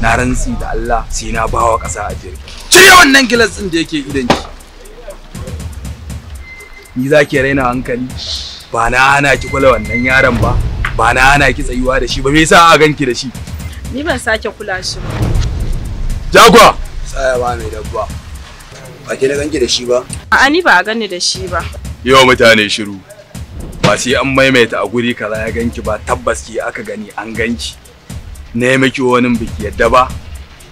na rantsi da Allah sai na bawa ƙasa a jirgi cire wannan gilas din da yake idan ki ni za ki raina hankali ba na hana ki kula wannan yaron ba ba na hana ki tsayuwa da shi ba me yasa a ganki da shi ni ban sake kula shi ba jagwa tsaya ba mai dabba ba ki na ganki da shi ba a'a ni ba a gani da shi ba yau mutane shiru ba sai an maimaita a guri kaza ya ganki ba tabbas ki aka gani an ganki ne miki wani biki yadda ba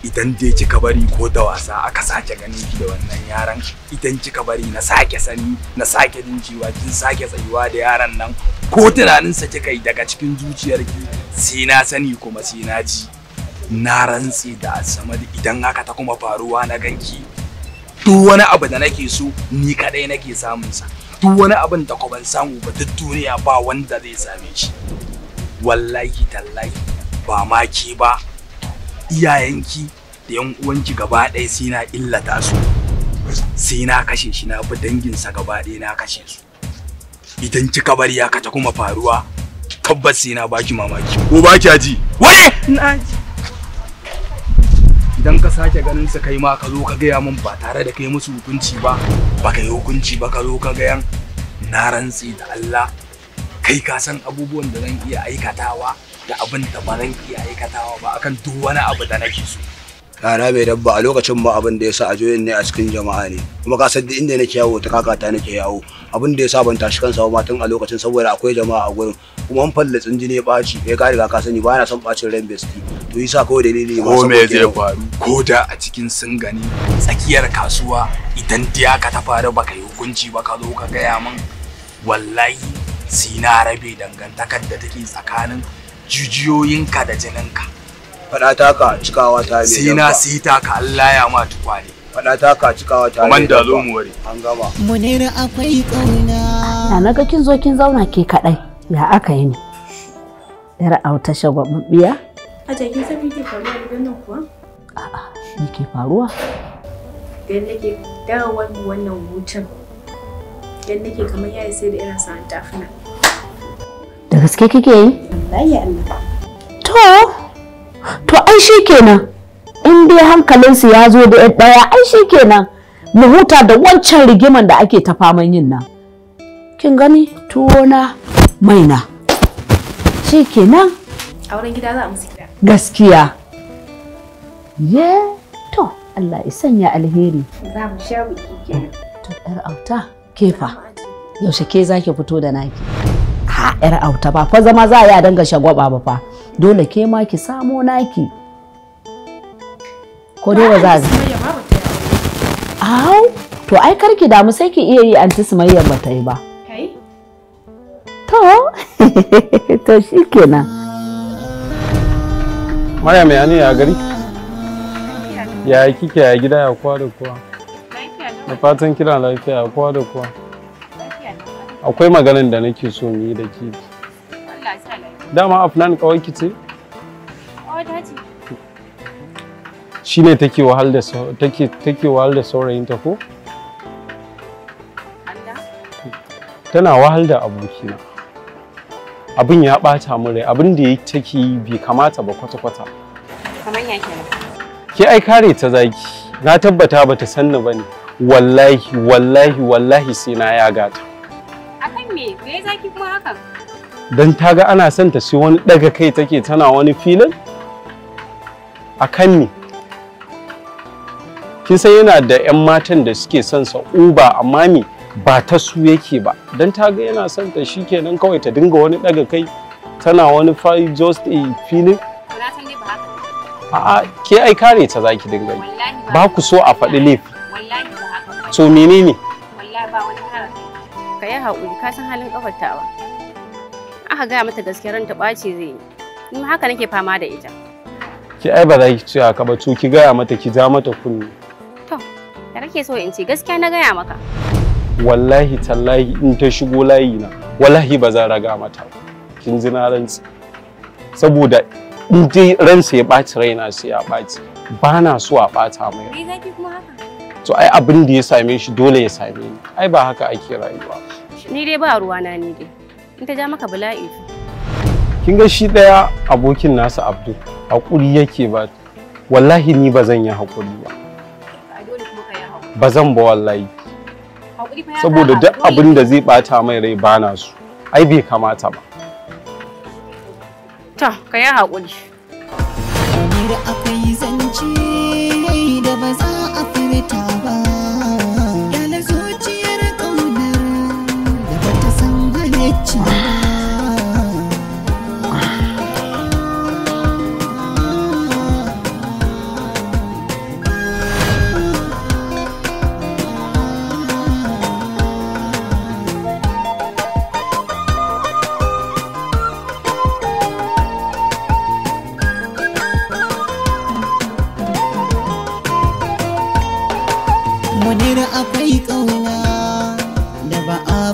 idan dai kika bari ko da wasa aka sake ganin ki da wannan yaran idan kika bari na sake sani na sake jin cewa kin sake tsayuwa da yaran nan ko tunaninsa kika yi daga cikin zuciyar ki sai na sani kuma sai na ji na rantse da samad idan haka ta kuma faruwa na ganki duk wani abu da nake so ni kadai nake samun sa duk wani abin da ko ban samu ba duk duniya ba wanda zai same shi wallahi tallahi ba ma ba iyayenki da yan uwanki gaba ɗaya sai na illata su sai na kashe shi na bi danginsa gaba ɗaya na kashe su idan kika bari ya kata kuma faruwa tabbas sai na baki mamaki ko baki aji wai na idan ka sake ganin su kai ma ka zo ka gaya min ba tare da kai musu hukunci ba ba kai hukunci ba ka zo ka gayan na rantsi da Allah kai ka san abubuwan da zan iya aikatawa da abin da ba zan iya aikatawa ba akan duk wani abu da nake so rana mai dabba a lokacin ma abin da ya sa a joyin ne a cikin jama'a ne kuma ka san inda nake yawo ta kakata nake yawo abin da ya sa ban tashi kansa ba matan a lokacin saboda akwai jama'a a gurin kuma an fallatsin jini ya ɓaci kai ka riga ka sani ba na son bacin ran besti to yasa kawai dalili ne ko me zai faru ko da a cikin sun gani tsakiyar kasuwa idan diya ka ta faru baka yi hukunci ba ka zo ka gaya min wallahi sina rabe dangantakar da take tsakanin jijiyoyinka da jininka Fada taka cikawa ta biyu sai na sai taka Allah ya ma tukwane Fada taka cikawa ta biyu komanda zo mu ware an gama munira akwai kauna na naga kin zo kin zauna ke kadai ya aka yi ne yar auta mabiya. a jakin sabi ke faruwa da nan kuwa a'a me ke faruwa dan nake dawo wannan hutun dan nake kamar yayi sai da irin sa'an tafina gaske kike yi to to ai kenan, in dai hankalinsu ya zo da ɗaya ai kenan mu huta da wancan rigiman da ake ta faman yin nan kin gani tuwo na maina A wurin gida za a musu gida gaskiya ye to Allah ya sanya alheri za mu sha biki kenan to ɗar auta kefa yaushe ke zaki fito da naki ha yar auta ba fa zama za a yi a danga shagwaba ba fa dole ke ma ki samo naki ko dai ba za a au to ai kar ki damu sai ki iya yi anti sumayyar ba ta yi ba to to shikenan Maya mai ani ya gari? Ya kike ya gida ya kwa da kuwa? na fatan kira lafiya ya kwa da kuwa. akwai maganin da nake so mu yi da ke dama afnan kawai ki ce shi ne take wahal da take take wahal da saurayinta ko tana wahal da abokina abin ya ɓata mu rai abin da take yi bai kamata ba kwata-kwata kamar ya ke ai kare ta zaki na tabbata ba bata ba bane wallahi wallahi wallahi sai na ya gata Akan me? Me zaki kuma hakan? Dan ta ga ana son ta sai wani daga kai take tana wani filin? A kan me? Kin san yana da 'yan matan da suke son sa uba amma me ba ta su yake ba. Dan ta ga yana son ta shikenan kawai ta dinga wani daga kai tana wani five just a filin. A'a ke ai kare ta za ki dinga yi. Ba ku so a faɗi laifi. So menene? Wallahi ba wani ka yi haƙuri ka san halin ƙafartawa aka gaya mata gaskiya ranta ɓaci zai yi kuma haka nake fama da ita ki ai ba za ki ce haka ba to ki gaya mata ki ja mata kunni to da kake so in ce gaskiya na gaya maka wallahi tallahi in ta shigo layi na wallahi ba zan raga mata kin ji na rantsi saboda in dai ransa ya ɓaci raina sai ya ɓaci ba na so a ɓata mai ni zaki kuma haka to ai abin da ya same shi dole ya same ni ai ba haka ake rayuwa ni dai ba ruwa na, ni dai in ta ja maka bala'i kin ga shi daya abokin nasa abdu hakuri yake ba wallahi ni ba zan yi hakuri ba ba zan ba wallahi saboda duk abin da zai bata mai rai ba na su ai bai kamata ba ta ka yi hakuri 跳吧。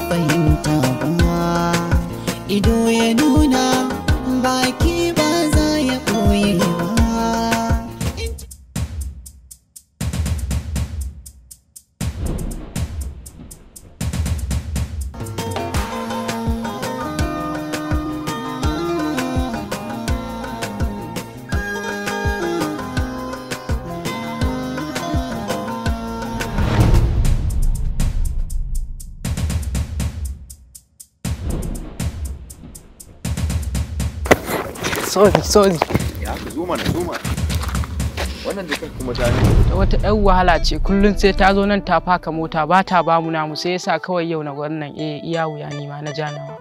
fahimta kuma ido ya nuna baki ba za ya koyi sorry sorry ya ka zo mana zo mana wannan jakar kuma ta ne wata ɗan wahala ce kullum sai ta zo nan ta faka mota ba ta ba mu namu sai yasa kawai yau na wannan eh iya wuya ni ma na ja nawa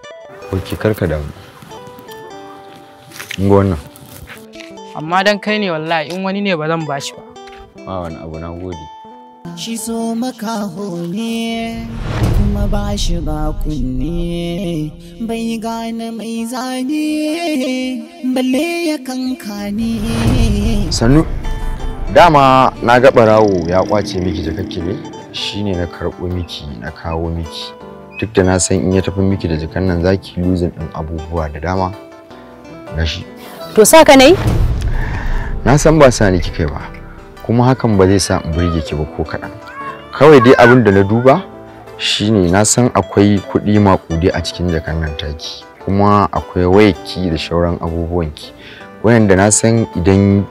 oke karka damu ga wannan amma dan kai ne wallahi in wani ne ba zan bashi ba ba wani abu na gode Shi so makaho ne, kuma ba shi ba kunne, bai gane mai zane, balle ya kankane. Sannu, dama na ga ɓarawo ya kwace miki jakakke ne, shi ne na karɓo miki na kawo miki. Duk da na san in ya tafi miki da jakan nan zaki luzin ɗin abubuwa da dama na shi. To sa ka na san ba sani ni ba. kuma hakan ba zai sa in burge ki ba ko kaɗan kawai dai abin da na duba shine na san akwai kuɗi maƙudi a cikin jakan nan taki kuma akwai wayarki da shauran abubuwanki wayanda na san idan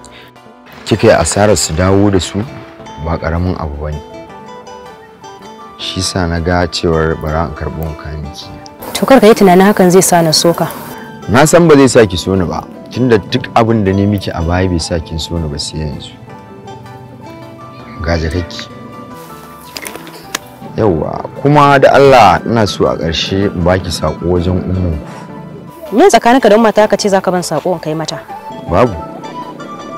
kika yi asarar su dawo da su ba ƙaramin abu ba ne shi sa na ga cewar bara in karɓi wanka miki to kar ka yi tunanin hakan zai sa na soka na san ba zai sa ki so ni ba tunda duk abin da ne miki a baya bai sa kin so ni ba sai yanzu ga jakakki yauwa kuma da Allah ina so a ƙarshe in baki sako wajen umu me tsakaninka don mata ka ce zaka ban sako in kai mata babu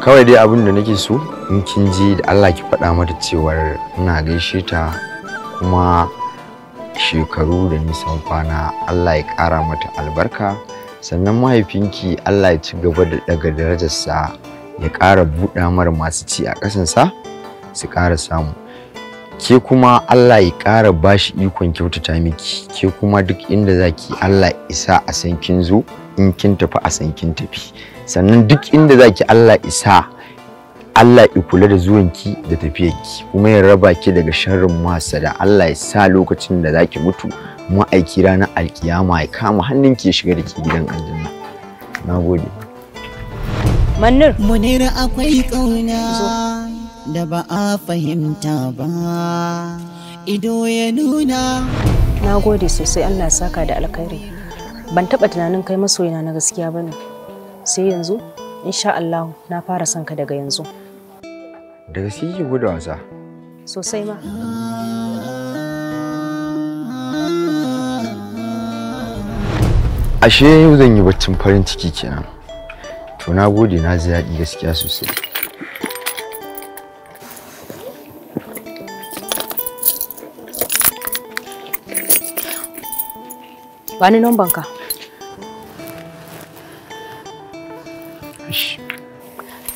kawai dai abin da nake so in kin ji da Allah ki faɗa mata cewar ina gaishe ta kuma shekaru da nisan kwana Allah ya ƙara mata albarka sannan mahaifinki Allah ya ci gaba da daga darajarsa ya ƙara buɗa mara masu ci a ƙasansa su ƙara samu ke kuma Allah ya ƙara bashi ikon kyautata miki ke kuma duk inda zaki Allah isa a san kin zo in kin tafi a san kin tafi sannan duk inda zaki Allah isa Allah ya kula da zuwanki da tafiyarki kuma ya raba ki daga sharrin da Allah ya sa lokacin da zaki mutu ma'aiki ranar alkiyama ya kama hannunki ya shiga da ke gidan aljanna nagode Manir. Munira akwai ƙauna. da ba a fahimta ba ido ya nuna na gode sosai allah saka da alkhairi ban taba tunanin kai masoyina na gaskiya bane sai yanzu insha allah na fara son ka daga yanzu daga gaske ko wasa sosai ma ashe yau zan yi baccin farin ciki kenan to na gode na ji daɗi gaskiya sosai bani number numban ka.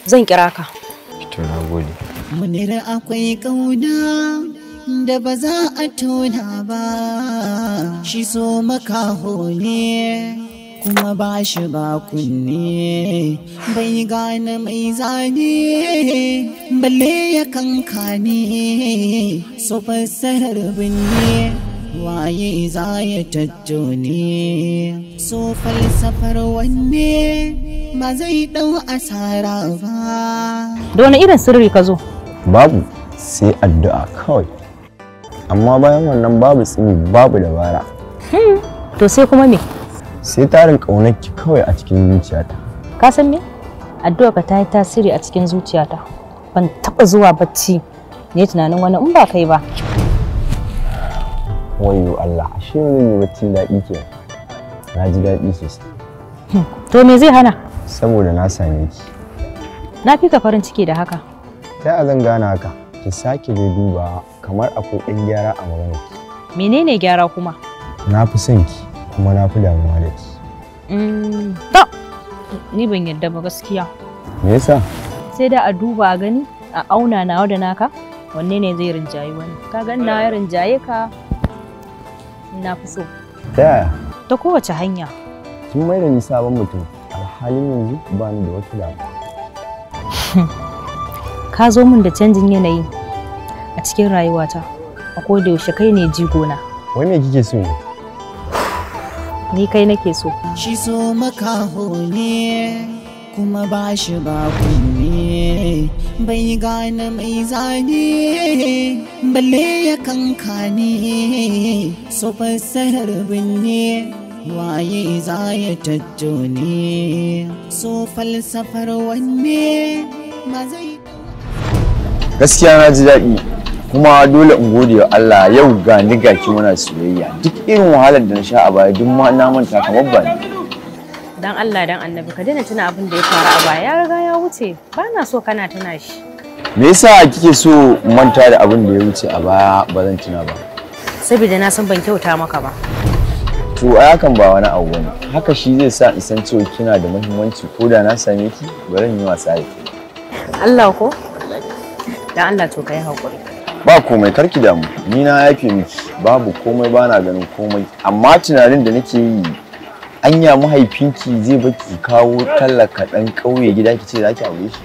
Zan kira ka. To na gode. Munira akwai kauna da ba za a tona ba, shi so makaho ne. kuma ba shi ba kunne bai gane mai zane balle ya kankane su fassarar binne waye za ya tattone so falsafar wanne ba zai dau asara ba da wani irin sirri ka zo babu sai addu'a kawai amma bayan wannan babu tsini babu dabara hmm, to sai kuma me sai tarin ƙaunarki kawai a cikin zuciyata ka san me addu'a ka ta yi tasiri a cikin zuciyata ban taɓa zuwa bacci ne tunanin wani in ba kai ba wayo Allah ashe ne yi baccin daɗi ke na ji daɗi sosai hmm, to me zai hana saboda na same ki na fi ka farin ciki da haka sai a zan gane haka ki sake da duba kamar akwai ɗan gyara a maganar ki menene gyara kuma na fi son ki kuma na fi damuwa da ki hmm, to ni ban yarda ba gaskiya me yasa sai da a duba a gani a auna nawa da naka wanne ne zai rinjayi wani ka ganna na ya rinjaye ka na fi so ta yaya ta kowace hanya sun mai da sabon mutum alhalin yanzu ba ni da wata ka zo min da canjin yanayi a cikin rayuwata a koda yaushe kai ne jigona wai me kike so ne ni kai nake so shi so maka kuma ba shi ba kunne bai gane mai zane balle ya kankane su fassarar binne waye za ya tattone su falsafar wanne ma zai gaskiya na ji daɗi kuma dole in gode wa Allah yau ga ni gaki muna soyayya duk irin wahalar da na sha a baya duk ma na manta kamar ba ni dan Allah dan annabi ka daina tuna abin da ya faru a baya ya riga ya wuce ba na so kana tuna shi me yasa kike so manta da abin da ya wuce a baya ba zan tuna ba saboda na san ban kyauta maka ba to a hakan ba wani abu bane haka shi zai sa in san cewa kina da muhimmanci ko da na same ki bari in yi wasa da Allah ko dan Allah to kai hakuri ba komai karki damu ni na yafe miki babu komai bana ganin komai amma tunanin da nake yi anya mahaifinki zai baki kawo tallaka dan kauye gida ki ce za ki aure shi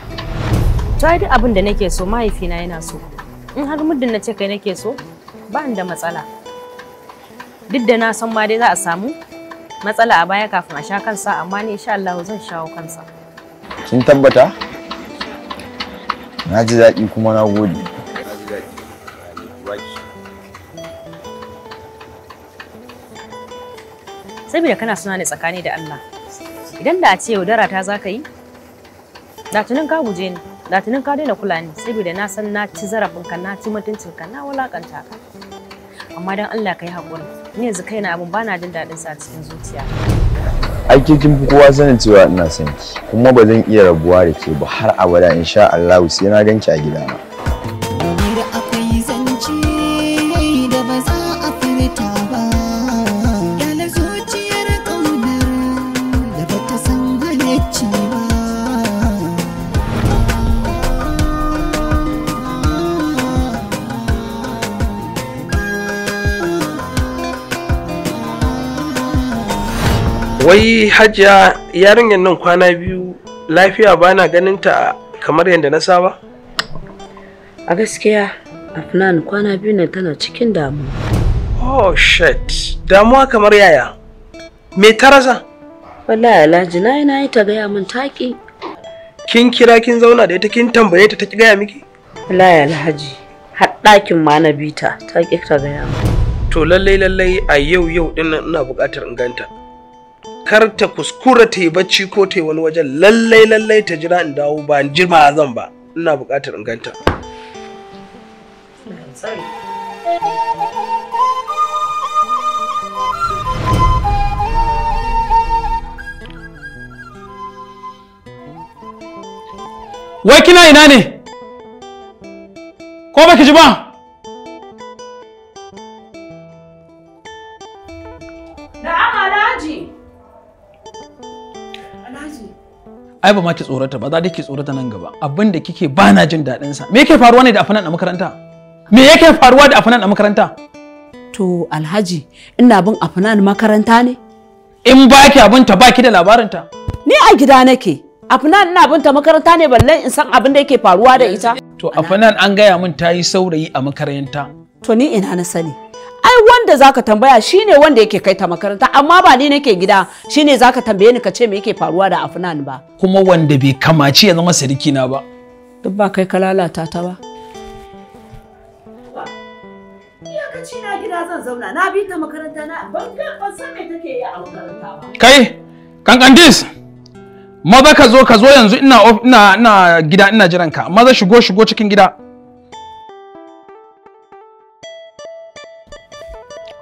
sai duk abin da nake so mahaifina yana so in har muddin na ce kai nake so ba da matsala duk da na san ma dai za a samu matsala a baya kafin a sha kansa amma ni insha Allah zan shawo kansa kin tabbata na ji daɗi kuma na gode saboda kana suna ne tsakani da Allah idan da a ce yaudara ta za ka yi da tunin ka guje ni da tunin ka daina kula ni saboda na san na ci zarafin ka na ci mutuncin ka na wulakanta ka amma dan Allah ka yi hakuri ni yanzu kaina abin na jin daɗin sa cikin zuciya ai ke kin kowa sanin cewa ina sanki, kuma ba zan iya rabuwa da ke ba har abada insha Allah sai na ganki a gidana wai hajiya yarinyar nan kwana biyu lafiya na ganin ta kamar yadda na saba a gaskiya afnan kwana biyu ne tana cikin damuwa oh shit damuwa kamar yaya me ta rasa wallahi alhaji na yi na yi ta gaya min taki kin kira kin zauna da ita kin tambaye ta ta gaya miki wallahi alhaji har ma na bita ta ki ta gaya min to lallai lallai a yau yau din ina buƙatar in ganta kar ta kuskura ta yi bacci ko ta yi wani wajen lallai lallai ta jira in dawo ba jima zan ba ina buƙatar in ganta Wai kina ina ne? Ko baki ji ba? ai ba ma ki tsorata ba za dai ki tsorata nan gaba abin da kike ba na jin daɗin sa me yake faruwa ne da afanan a makaranta me yake faruwa da afanan a makaranta to alhaji ina bin afanan makaranta ne in ba ki abin ta ba ki da labarinta ni a gida nake afanan ina bin ta makaranta ne balle in san abin da yake faruwa da ita to afanan an gaya min ta yi saurayi a makaranta to ni ina na sani ai wanda zaka tambaya shine wanda yake kai ta makaranta amma ba ni nake gida shine zaka tambaye ni ka ce me yake faruwa da Afnan ba kuma wanda bai kamaci ya zama sarki na ba duk ba kai ka lalata ta ba lokaci gida zan zauna na bi ta makaranta na ban take makaranta ba kai kankandis maza ka zo ka zo yanzu ina gida ina jiran ka maza shigo shigo cikin gida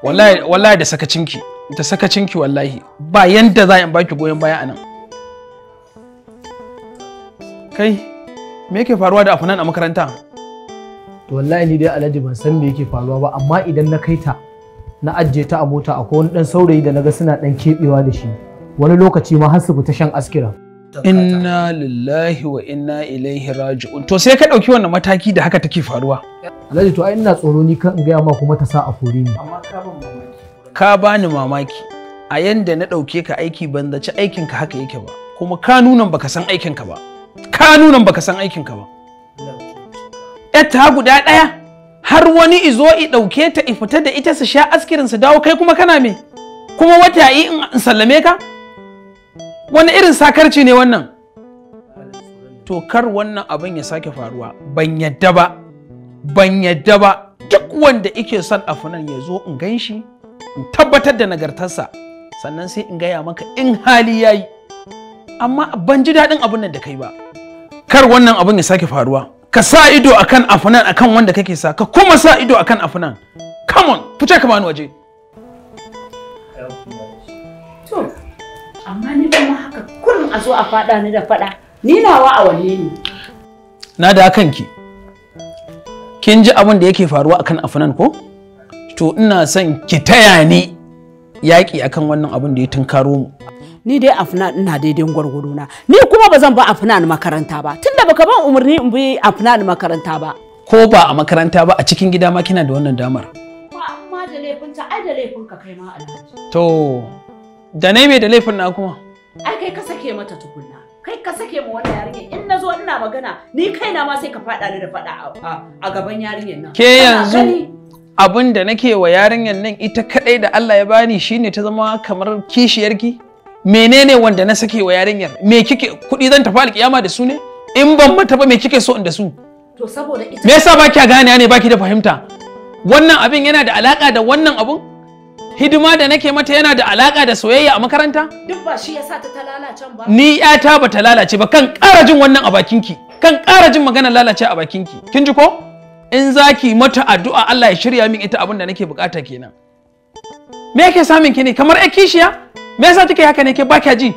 wallahi wallahi da sakacinki da sakacinki wallahi ba yanda za in baki goyon baya anan kai me yake faruwa da afunan a makaranta wallahi ni dai alhaji ban san me yake faruwa ba amma idan na kai ta na ajiye ta a mota akwai wani dan saurayi da naga suna dan kebewa da shi wani lokaci ma har su fita shan askira inna lillahi wa inna ilaihi raji'un to sai ka dauki wannan mataki da haka take faruwa alhaji to ai ina tsoro ni kan gaya ma kuma ta sa a kore ni amma ka ban mamaki ka bani mamaki a yanda na dauke ka aiki ban zaci aikin ka haka yake ba kuma ka nunan baka san aikin ka ba ka nunan baka san aikin ka ba ta guda daya har wani izo i dauke ta i fita da ita su sha askirin su dawo kai kuma kana me kuma wata yi in sallame ka wani irin sakarci ne wannan to kar wannan abin ya sake faruwa ban yadda ba ban yadda ba duk wanda ike son afunan ya zo in gan shi in tabbatar da nagartarsa sannan sai in gaya maka in hali ya yi amma ban ji daɗin abin nan da kai ba kar wannan abin ya sake faruwa ka sa ido akan afinan akan wanda kake sa ka kuma sa ido akan afinan come on fice ka waje amma ni kuma haka kullum a zo a faɗa ni da faɗa ni nawa a wanne ne na da kanki kin ji abin da yake faruwa akan afinan ko to ina son ki taya ni Yaki akan wannan abin da ya tunkaro mu ni dai afina ina daidai gwargwado na ni kuma ba zan ba afnan makaranta ba tunda baka ban umarni in bi afnan makaranta ba ko ba a makaranta ba a cikin gida ma kina da wannan damar ba amma da laifinta ai da laifin kai ma alhaji to Da nai mai da laifin na kuma. Ai kai ka sake mata tukunna. Kai ka sake ma wannan yarinyar in na zo ina magana ni kaina ma sai ka faɗa ni da faɗa a gaban yarinyar nan. Ke yanzu abin da nake wa yarinyar nan ita kadai da Allah ya bani shine ta zama kamar kishiyarki? Menene wanda na sake wa yarinyar? Me kike kuɗi zan tafi alƙiyama da su ne? In ban mata ba me kike so in da su? To saboda ita. Me yasa ba kya gane ne ba ki da fahimta? Wannan abin yana da alaƙa da wannan abun? hidima da nake mata yana da alaka da soyayya a makaranta duk ba shi yasa ta ta lalace ba ni yata ba ta lalace ba kan ƙara jin wannan a bakinki kan ƙara jin maganar lalace a bakinki kin ji ko in zaki mata addu'a Allah ya shirya min ita abin da nake bukata kenan me yake samun ki ne kamar ai kishiya me yasa kike haka ne ke ba kya ji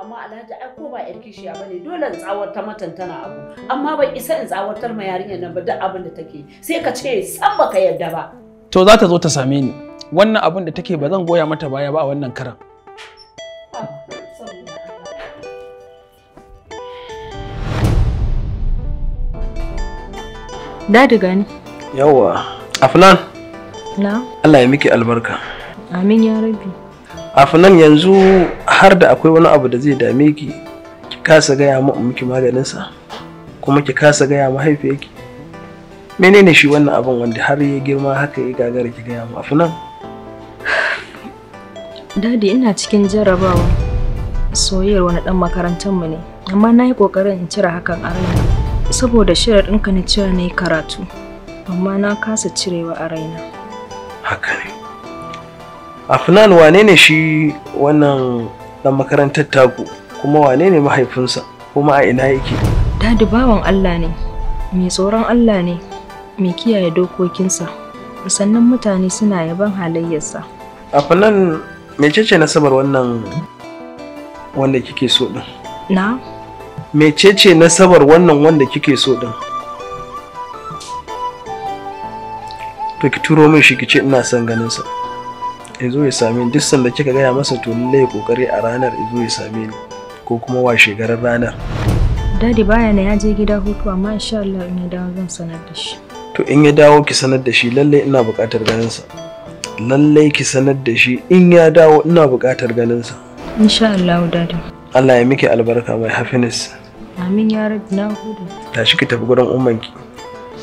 amma alhaji ai ko ba ai kishiya bane dole in tsawarta matan tana abu amma ban isa in tsawartar ma yarinyar nan ba duk abin da take sai ka ce san baka yarda ba to za ta zo ta same ni wannan abin da take ba zan goya mata baya ba a wannan karan Dadi gani. Yawwa. Afnan. Na. Allah ya miki albarka. Amin ya rabi. Afnan yanzu har da akwai wani abu da zai dame ki ki kasa gaya mu miki maganinsa kuma ki kasa gaya mahaifiyarki. Menene shi wannan abin wanda har ya girma haka ya gagara ki gaya mu Afnan? Dadi ina cikin jarrabawa soyayyar wani ɗan mu ne, amma na yi ƙoƙarin in cire hakan a raina. Saboda ɗinka na cewa na yi karatu, amma na kasa cirewa a raina. Haka ne. Afnan wane ne shi wannan ɗan makarantar taku kuma wane ne mahaifinsa kuma a ina yake? Dadi bawan Allah ne, mai tsoron Allah ne, mai kiyaye dokokinsa, sannan mutane suna yaban halayyarsa. Afnan mecece nasabar wannan wanda kike so din na mecece nasabar wannan wanda kike so din to ki turo min shi ki ce ina son ganin sa ya zo ya same ni duk sanda kika gaya masa to lalle ya kokari a ranar ya zo ya same ni ko kuma wa shegarar ranar dadi baya na ya je gida hutu amma insha Allah in ya dawo zan sanar da shi to in ya dawo ki sanar da shi lallai ina buƙatar ganin sa lallai ki sanar da shi in ya dawo ina buƙatar ganinsa. Insha Allah dadi. Allah ya miki albarka mai happiness. Amin ya rabu na gode. Tashi ki tafi gurin ummanki.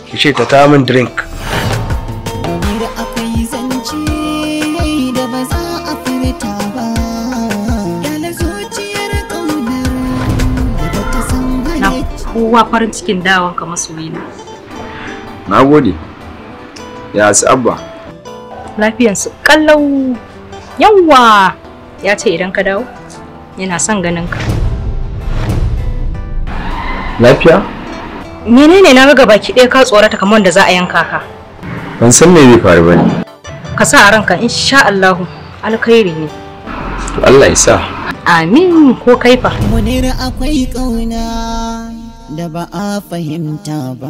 Ki ce ta ta min drink. kowa farin cikin dawon ka masoyina. Na gode. Ya su abba. Lafiyarsu kallau. yawa, Ya ce idan ka dawo, yana son ganin ka. Lafiya? Menene na ga baki ɗaya ka tsorata kamar da za a yanka ka? Ban san me bai faru ba ne. Ka sa a ranka insha Allahu alkhairi ne. To Allah ya sa. Amin ko kaifa. Munira akwai ƙauna. da ba a fahimta ba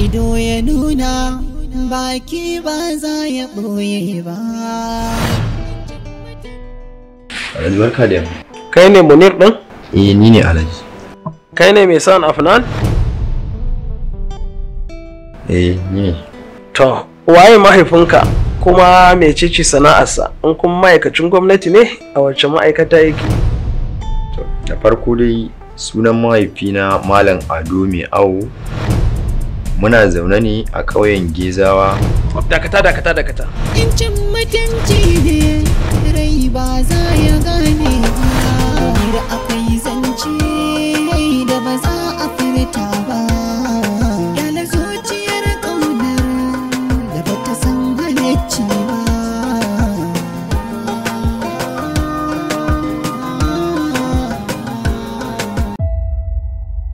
ido ya nuna baki ba za ya ɓoye ba. Alhaji barka da yamma. Kai ne Munir ɗin? Eh ni ne Alhaji. Kai ne mai son Afnan? Eh ni To, waye mahaifinka kuma mecece sana'arsa in kuma ma'aikacin gwamnati ne a wacce ma'aikata yake? To, da farko dai sunan mahaifina Malam Ado Mai Awo muna zaune ne a ƙauyen gezawa dakata dakata dakata in mutunci ne rai ba za ya gane ba akwai zance da ba za a furta ba yana zuciyar ƙaunar da ba ta san halicci ba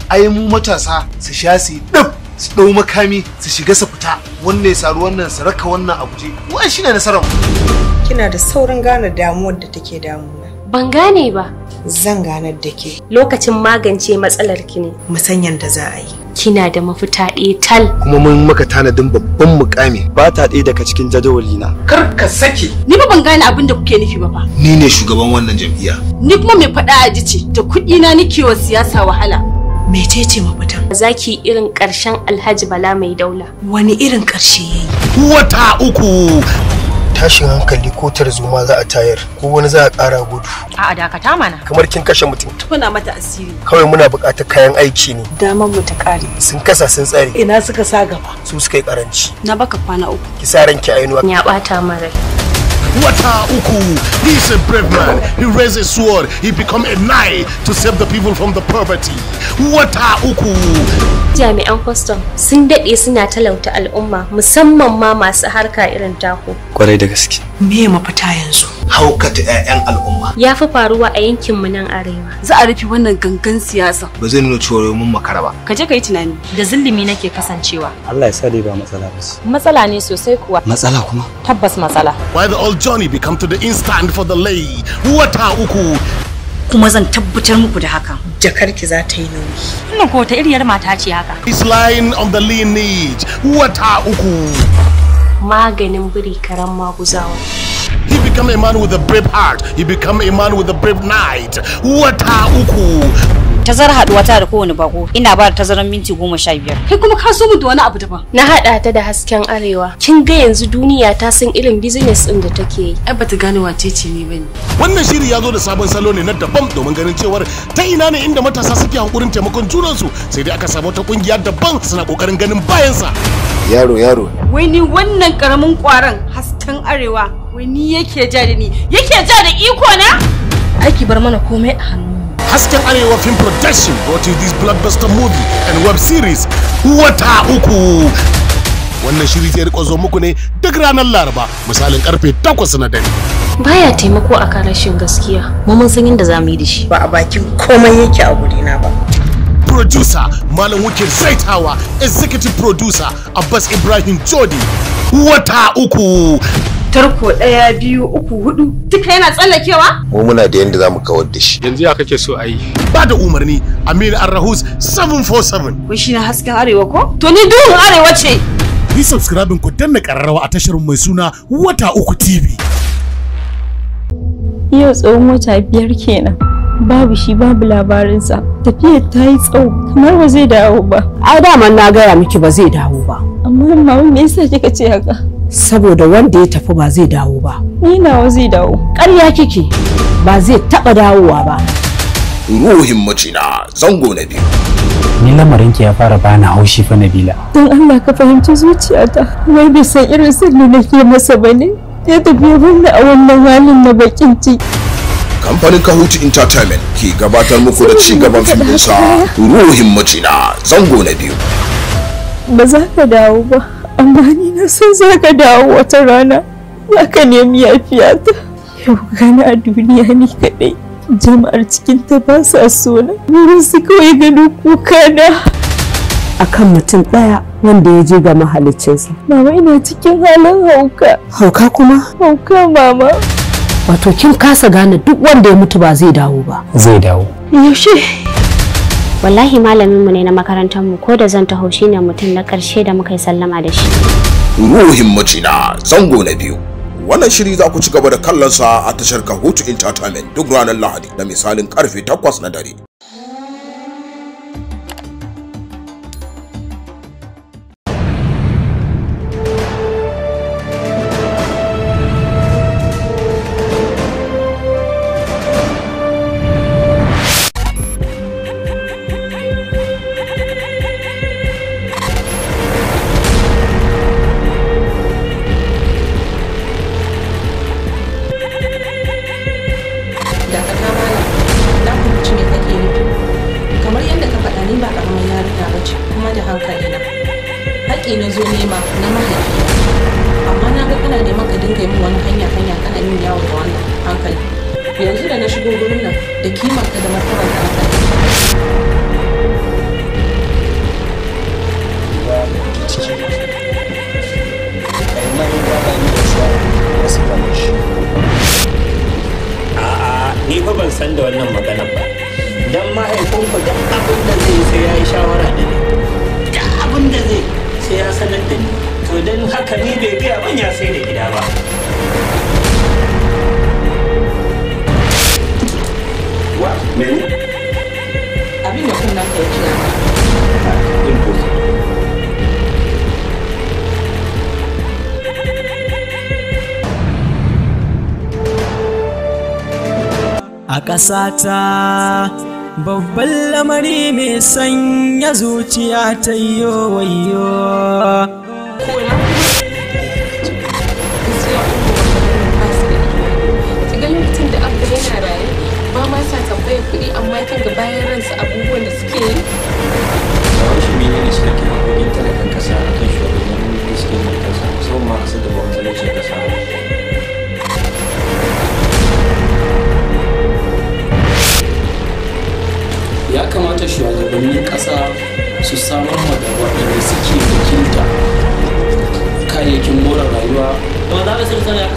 ai mu matasa su sha su yi su ɗau makami su shiga su fita wannan ya saru wannan su raka wannan a wai shine nasarar kina da saurin gane damuwar da take damuna ban gane ba zan ganar da ke lokacin magance matsalar ki ne musanyan da za a yi kina da mafita ɗaya tal kuma mun maka tanadin babban mukami ba ta ɗaya daga cikin jadawali na kar ka sake ni ba ban gane abin da kuke nufi ba fa ni ne shugaban wannan jam'iyya ni kuma mai faɗa a ji ce da kuɗi na nike wa siyasa wahala mecece mafitan zaki irin karshen alhaji bala mai daula wani irin ya yayi wata uku tashin hankali ko tarzoma za a tayar ko wani za a ƙara gudu. A dakata mana. Kamar kin kashe mutum. Tuna mata asiri. Kawai muna buƙatar kayan aiki ne. Damar mu ta ƙare. Sun kasa sun tsare. Ina suka sa gaba. Su suka yi ƙaranci. Na baka kwana uku. Ki sa ranki a Ya bata mara. wata uku he is a brave man he raised a sword he become a knight to save the people from the poverty wata uku jami'an kwastam sun daɗe suna talauta al'umma musamman ma masu harka irin taku kwarai da gaske me mafita yanzu haukata 'ya'yan al'umma. Ya fi faruwa a yankin mu nan arewa. Za a rufe wannan gangan siyasa. Ba zai nuna cewa mun makara ba. Ka je ka yi tunani. Da zulumi nake kasancewa. Allah ya sa dai ba matsala ba Matsala ne sosai kuwa. Matsala kuma? Tabbas matsala. Why the old Johnny become to the instant for the lay? Wata uku kuma zan tabbatar muku da haka. ki za ta yi nauyi. wannan ko ta iriyar mata ce haka. Is lying on the lineage wata uku. Maganin biri karan maguzawa. He become a man with a brave heart. He become a man with a brave night. Wata uku. tazar haduwa ta da kowane bako ina ba da minti goma sha biyar. Kai kuma ka so mu da wani abu daban. Na haɗa ta da hasken arewa. Kin ga yanzu duniya ta san irin business ɗin da take yi. Ai bata gane wace ce ne bane. Wannan shiri ya zo da sabon salo ne na daban domin ganin cewar ta ina ne inda matasa suke hankurin taimakon junansu sai dai aka samu ta kungiya daban suna kokarin ganin bayansa. Yaro yaro. Wai ni wannan karamin kwaron hasken arewa wani yake ja da ni yake ja da iko na aiki bar mana komai a hannu Hasken Arewa Film Production brought you this blockbuster movie and web series Wata Uku. Wannan shiri zai riko zo muku ne duk ranar Laraba misalin karfe 8 na dare. Baya taimako a kan rashin gaskiya, mu mun san inda za mu yi da shi. Ba a bakin komai yake a gurina ba. Producer Malam Wukil Zaitawa, Executive Producer Abbas Ibrahim Jodi. Wata Uku. tarko ɗaya biyu uku hudu duka yana tsallakewa? mu muna da yanda za mu kawar da shi yanzu ya kake so a yi ba da umarni amin arrahus 747 kun shi na hasken arewa ko to ni duhun arewa ce yi subscribing ku danna ƙararrawa a tashar mai suna wata uku tv yau tsawon wata biyar kenan babu shi babu labarinsa tafiyar ta yi tsawo kamar ba zai dawo ba a daman na gaya miki ba zai dawo ba amma mama me yasa kika ce haka saboda wanda ya tafi ba zai dawo ba ni nawa zai dawo ƙarya kike ba zai taɓa dawowa ba ruhin macina, zango na biyu ni lamarin ki ya fara bana haushi fa Nabila don Allah ka fahimci zuciyata wai bai san irin sirri na ke masa ne. ya tafi wannan a wannan halin na bakin ci. kamfanin kahuti entertainment ke gabatar muku da ci gaban filinsa ruhin macina zango na biyu ba za ka dawo ba amma ni na san za ka dawo wata rana za ka nemi yafiya ta yau gana a duniya ni kaɗai jama'ar cikin ta ba sa so na wurin su kawai gano kuka na A kan mutum ɗaya wanda ya je ga mahalicinsa mama ina cikin halin hauka hauka kuma hauka mama wato kin kasa gane duk wanda ya mutu ba zai dawo ba zai dawo yaushe wallahi malaminmu ne na makarantarmu ko da zan taho shine mutum na ƙarshe da muka yi sallama da shi ruhin macina zango na biyu wannan shiri za ku ci gaba da kallon sa a tashar kahutu entertainment duk ranar lahadi da misalin karfe 8 na dare ƙasata babban lamari mai sanya zuciya ta yi wayo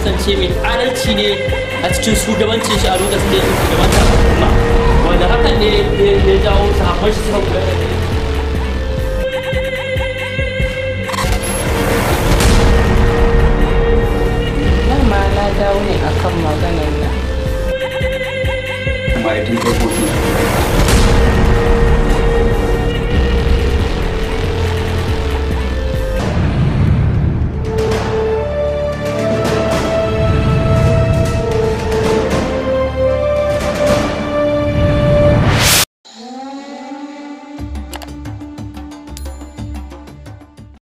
kasance mai adalci ne a cikin shugabancin shi a lokacin da ya shugabanta kuma wanda hakan ne ya jawo sahabban shi suka dama na dawo ne akan maganar nan ma'aikin farko